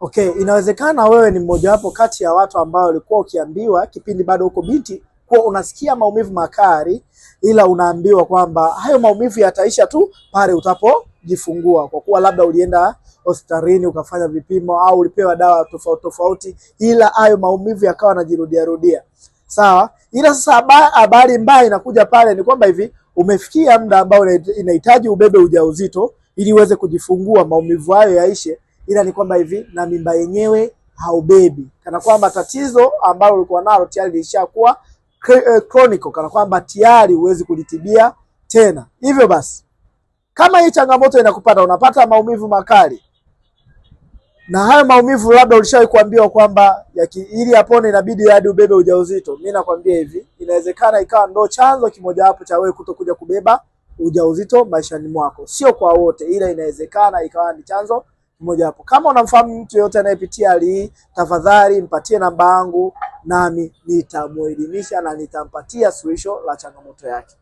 Okay, inawezekana wewe ni mmojawapo kati ya watu ambao ulikuwa ukiambiwa kipindi bado uko binti kuwa unasikia maumivu makali, ila unaambiwa kwamba hayo maumivu yataisha tu pale utapojifungua, kwa kuwa labda ulienda hospitalini ukafanya vipimo au ulipewa dawa tofauti tofauti, ila hayo maumivu yakawa yanajirudia rudia. Sawa, ila sasa habari mbaya inakuja pale ni kwamba hivi umefikia muda ambao inahitaji ubebe ujauzito ili uweze kujifungua, maumivu hayo yaishe ila ni kwamba hivi na mimba yenyewe haubebi, kana kwamba tatizo ambalo ulikuwa nalo tayari lilishakuwa eh, chronic, kana kwamba tayari huwezi kulitibia tena. Hivyo basi kama hii changamoto inakupata, unapata maumivu makali na hayo maumivu labda ulishawahi kuambiwa kwamba ili apone inabidi hadi ubebe ujauzito. Mimi nakwambia hivi, inawezekana ikawa ndo chanzo kimojawapo cha wewe kutokuja kubeba ujauzito maishani mwako. Sio kwa wote, ila inawezekana ikawa ni chanzo mmoja wapo. Kama unamfahamu mtu yoyote anayepitia hali hii, tafadhali mpatie namba yangu, nami nitamuelimisha na nitampatia suluhisho la changamoto yake.